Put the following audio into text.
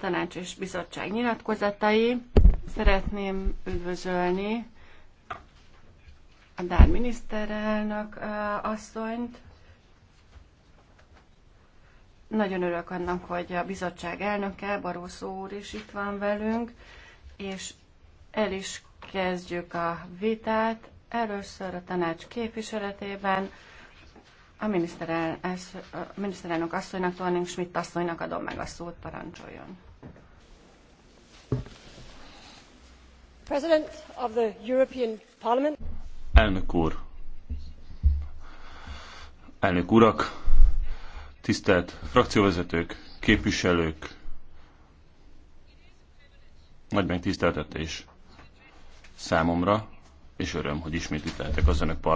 tanács és bizottság nyilatkozatai. Szeretném üdvözölni a Dán miniszterelnök asszonyt. Nagyon örülök annak, hogy a bizottság elnöke, Barószó úr is itt van velünk, és el is kezdjük a vitát. Először a tanács képviseletében a miniszterelnök asszonynak, Torning Schmidt asszonynak adom meg a szót, parancsoljon. Elnök úr! Elnök urak! Tisztelt frakcióvezetők, képviselők! Nagy megtiszteltetés számomra, és öröm, hogy ismét itt lehetek az önök parlamentjében.